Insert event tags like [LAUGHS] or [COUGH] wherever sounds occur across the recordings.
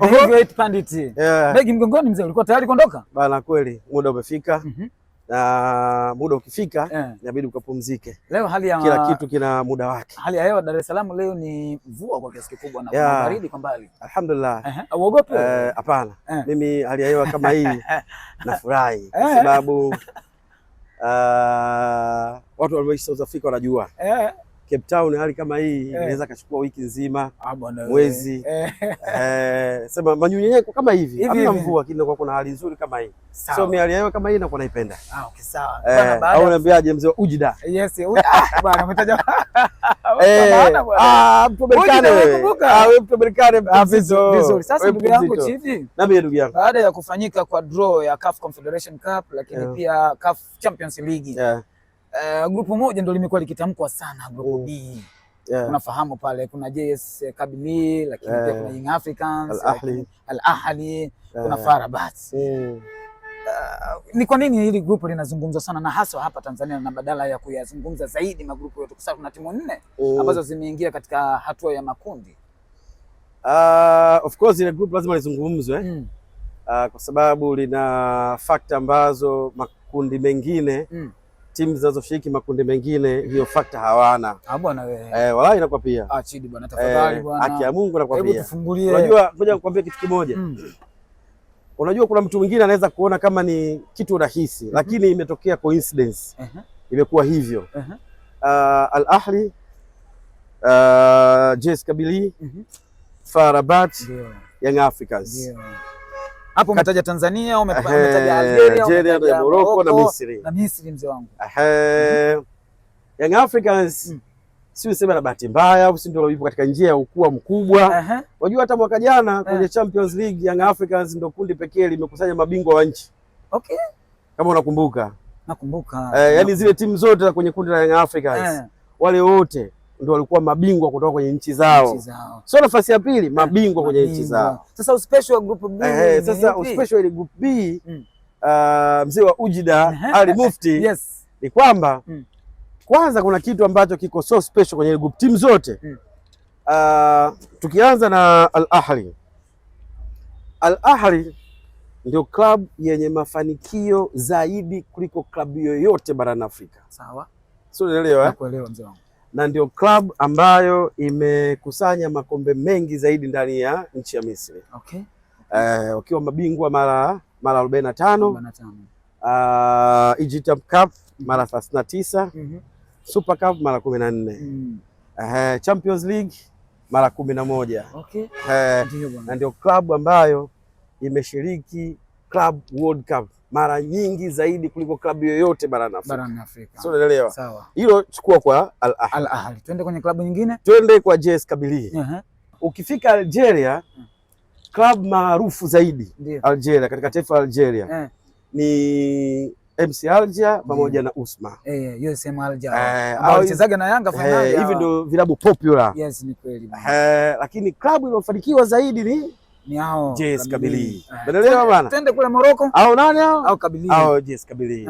Heavyweight Pandit. Yeah. Begi mgongoni mzee, ulikuwa tayari kuondoka? Bana kweli, muda umefika. Mhm. Na muda ukifika eh. inabidi ukapumzike. Leo hali ya kila kitu kina muda wake. Hali ya hewa Dar es Salaam leo ni mvua kwa kiasi kikubwa na kuna baridi kwa mbali. Alhamdulillah. Uogope? Eh, hapana. Eh. Mimi hali ya hewa kama hii [LAUGHS] nafurahi kwa sababu uh, [LAUGHS] watu walioishi South Africa wanajua. Cape Town hali kama hii eh. inaweza eh, kachukua wiki nzima ah, eh. mwezi eh. Eh, sema manyunyenyeko kama hivi hamna mvua, lakini kwa kuna hali nzuri kama hii, so hali yao kama hii nakuwa naipenda. Ah, okay, sawa eh, bana baada au unaambiaje mzee ujida? Yes, eh, ah, bwana umetaja [LAUGHS] ah, mtoberikane wewe, ah, wewe mtu mtoberikane ah, vizuri. Sasa ndugu yangu Chidi, na mimi ndugu yangu, baada ya kufanyika kwa draw ya CAF Confederation Cup, lakini pia CAF Champions League Uh, grupu moja ndo limekuwa likitamkwa sana grupu oh, B. Yeah. Unafahamu pale kuna JS Kabylie lakini pia yeah. kuna Young Africans, Al Ahli, Ahli Al yeah. kuna FAR Yeah. Uh, mm. eh, ni kwa nini hili grupu linazungumzwa sana na hasa hapa Tanzania na badala ya kuyazungumza zaidi magrupu yote kwa sababu kuna timu nne mm. ambazo zimeingia katika hatua ya makundi. Uh, of course ile grupu lazima lizungumzwe mm. uh, kwa sababu lina fakta ambazo makundi mengine mm timu zinazoshiriki makundi mengine hiyo fakta hawana. Ah bwana wewe. Eh, wala inakuwa pia. Ah chidi bwana tafadhali eh, bwana. Haki ya Mungu inakuwa pia. Hebu tufungulie. Unajua ngoja nikwambie kitu kimoja. Mm. Unajua kuna mtu mwingine anaweza kuona kama ni kitu rahisi mm -hmm. lakini imetokea coincidence. Uh -huh. Imekuwa hivyo. Uh -huh. Uh, ah, Al Ahli uh, ah, JS Kabylie uh mhm. -huh. FAR Rabat yeah. Young Africans. Yeah hapo umetaja Tanzania, umetaja Algeria, umetaja Morocco na Misri na Misri, mzee wangu. Ehe, mhm. Young Africans mm. si useme na bahati mbaya au si ndio ipo katika njia ya ukua mkubwa. Unajua hata mwaka jana kwenye eh. Champions League Young Africans ndio kundi pekee limekusanya mabingwa wa nchi. Okay. Kama unakumbuka. Nakumbuka. Eh, yaani zile timu zote kwenye kundi la Young Africans eh. wale wote ndio walikuwa mabingwa kutoka kwenye nchi zao, sio nafasi ya pili, mabingwa kwenye nchi zao. Sasa uspecial group B, eh, sasa uspecial group B mm. Uh, mzee wa Ujida Ali Mufti yes. Ni kwamba mm. Kwanza kuna kitu ambacho kiko so special kwenye group team zote mm. Uh, tukianza na Al Ahli, Al Ahli ndio club yenye mafanikio zaidi kuliko klabu yoyote barani Afrika. Sawa, sio unaelewa? Nakuelewa mzee wangu na ndio club ambayo imekusanya makombe mengi zaidi ndani ya nchi ya Misri okay. Uh, wakiwa mabingwa mara mara 45. na uh, Egypt Cup mara 39. mm -hmm. Super Cup mara 14. mm. uh, Champions League mara 11. okay. uh, na ndio klabu ambayo imeshiriki Club World Cup mara nyingi zaidi kuliko klabu yoyote barani Afrika. Barani Afrika. Sio, unaelewa? Sawa. Hilo chukua kwa Al Ahly. Al Ahly. Twende kwenye klabu nyingine? Twende kwa JS Kabylie. Uh -huh. Ukifika Algeria, klabu maarufu zaidi Dio. Algeria katika taifa la Algeria. eh. Ni MC Alger pamoja na Usma. Eh, eh USM Alger. Eh, Alichezaga na Yanga finali. Eh, hivi ndio vilabu popular. Yes, ni kweli. Eh, lakini klabu iliyofanikiwa zaidi ni ni hao JS Kabili. Eh. bwana. kule Morocco. nani hao? Kabili. Kabili.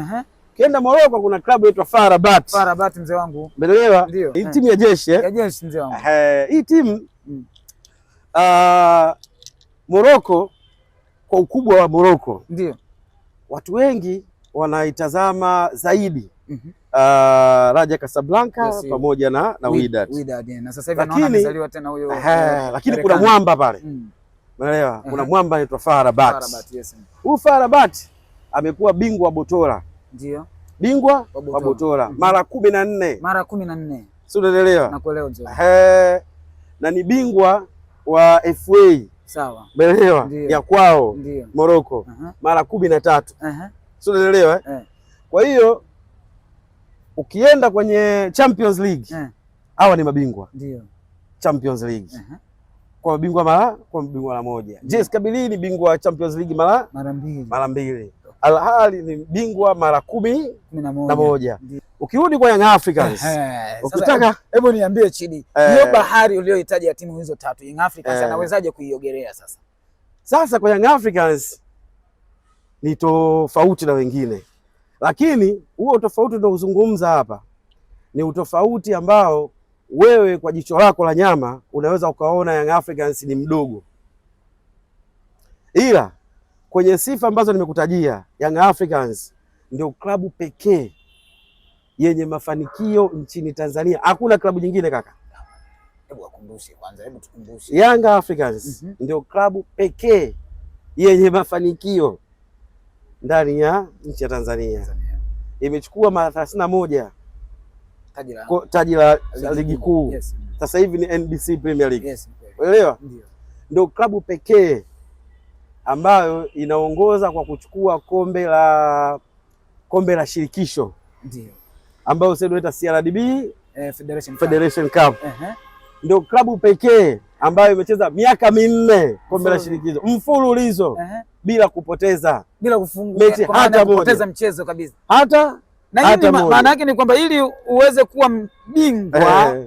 Morocco kuna klabu inaitwa FAR Rabat. FAR Rabat mzee wangu. Umeelewa? Hii timu ya jeshi eh? Ya jeshi mzee wangu. Eh, hii timu mm. ah Morocco kwa ukubwa wa Morocco. Ndio. Watu wengi wanaitazama zaidi mm -hmm. Uh, Raja Casablanca yes, pamoja na na Wydad. Wydad, Na sasa hivi naona amezaliwa tena huyo. Lakini kuna mwamba pale mm. Umeelewa? Kuna mwamba anaitwa Farabati. Huyu Farabati amekuwa bingwa wa Botola. Ndio. Bingwa wa Botola mhm. mara kumi na nne. Mara kumi na nne. Si unaelewa? Nakuelewa ndio. Eh. Na ni bingwa wa FA. Sawa. Umeelewa? Ya kwao Morocco. Uh -huh. Mara kumi na tatu. Uh -huh. Si unaelewa? Eh. Kwa hiyo ukienda kwenye Champions League eh. hawa eh, ni mabingwa. Ndio. Champions League. Uh -huh kwa mabingwa mara kwa mabingwa mara moja. Mm. Je, Kabylie ni bingwa wa Champions League mara mara mbili, mara mbili. Al Ahly ni bingwa mara kumi na moja. Ukirudi kwa Young Africans, ukitaka hebu niambie chini. Eh. hiyo bahari uliyohitaji ya timu hizo tatu Young Africans eh. anawezaje kuiogelea sasa? Sasa kwa Young Africans ni tofauti na wengine, lakini huo tofauti ndio uzungumza hapa, ni utofauti ambao wewe kwa jicho lako la nyama unaweza ukaona Young Africans ni mdogo, ila kwenye sifa ambazo nimekutajia, Young Africans ndio klabu pekee yenye mafanikio nchini Tanzania. Hakuna klabu nyingine kaka. Hebu akumbushe kwanza, hebu tukumbushe. Young Africans mm -hmm. ndio klabu pekee yenye mafanikio ndani ya nchi ya Tanzania, Tanzania. Imechukua mara thelathini na moja taji la ligi kuu sasa hivi ni NBC Premier League yes, uelewa ndio klabu pekee ambayo inaongoza kwa kuchukua kombe la kombe la shirikisho ndio ambayo sasa inaitwa CRDB eh, Federation, Federation Cup uh -huh. Ndio klabu pekee ambayo imecheza miaka minne kombe la shirikisho mfululizo uh -huh. bila kupoteza bila kufunga mechi hata moja, kupoteza mchezo kabisa hata na hii maana yake ni kwamba ili uweze kuwa mbingwa hey, eh.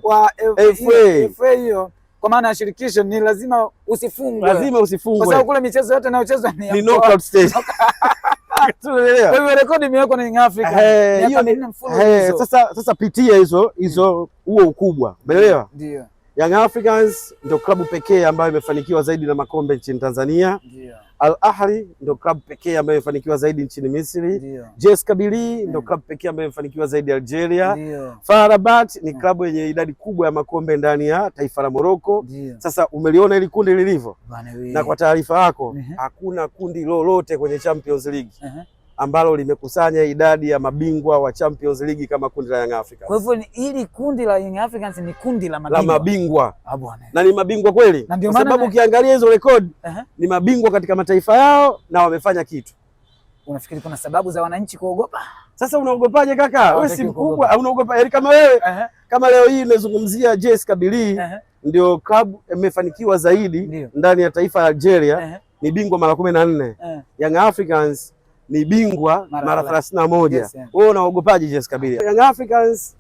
wa FA hiyo kwa maana ya shirikisho ni lazima usifungwe, lazima usifungwe, kwa sababu kule michezo yote inayochezwa ni ni knockout stage. [LAUGHS] Tunaelewa. Kwa hiyo rekodi imewekwa na Young Africa. Eh, hiyo ni mfululizo. Eh, sasa sasa pitia hizo hizo huo ukubwa. Umeelewa? Ndio. Young Africans ndio klabu pekee ambayo imefanikiwa zaidi na makombe nchini Tanzania. Ndio. Al Ahli ndio klabu pekee ambayo imefanikiwa zaidi nchini Misri. JS Kabylie ndio klabu pekee ambayo imefanikiwa zaidi Algeria. FAR Rabat ni klabu yenye idadi kubwa ya makombe ndani ya taifa la Morocco. Sasa umeliona ili kundi lilivyo, na kwa taarifa yako hakuna kundi lolote kwenye Champions League Dio ambalo limekusanya idadi ya mabingwa wa Champions League kama kundi la Young Africans. Kwa hivyo hili kundi la Young Africans ni kundi la mabingwa, la mabingwa. Ah, na ni mabingwa kweli kwa sababu ukiangalia hizo record uh -huh. Ni mabingwa katika mataifa yao na wamefanya kitu. Unafikiri kuna sababu za wananchi kuogopa? Sasa unaogopaje kaka? Wewe si mkubwa, unaogopa yaani kama wewe uh -huh. Kama leo hii nimezungumzia JS Kabylie uh -huh. Ndio klabu imefanikiwa zaidi Ndani ya taifa la Algeria uh -huh. Ni bingwa mara kumi na nne uh -huh. Young Africans ni bingwa mara 31. Wewe moja. Wewe unaogopaje JS Kabylie? Young Africans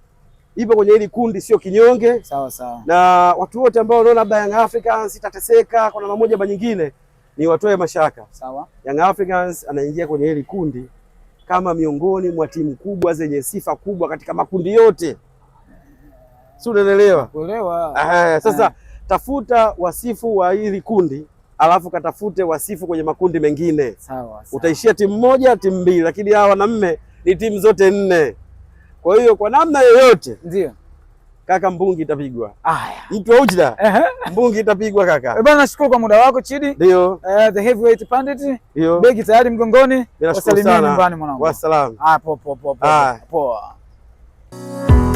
ipo kwenye hili kundi, sio kinyonge sawa sawa. Na watu wote ambao wanaona labda Young Africans itateseka kwa namna moja ama nyingine, ni watoe mashaka sawa. Young Africans anaingia kwenye hili kundi kama miongoni mwa timu kubwa zenye sifa kubwa katika makundi yote, si unaelewa? Sasa tafuta wasifu wa hili kundi alafu katafute wasifu kwenye makundi mengine sawa, sawa. Utaishia timu moja timu mbili, lakini hawa wanaume ni timu zote nne. Kwa hiyo kwa namna yoyote ndio kaka, mbungi itapigwa. Haya, mtu wa Ujda mbungi itapigwa kaka. Eh, bwana nashukuru kwa muda wako Chidi. Ndio. Uh, the heavyweight pandit. Ndio. Begi tayari mgongoni. Wasalimia nyumbani mwanangu. Wasalamu. Ah, poa poa poa poa. Po.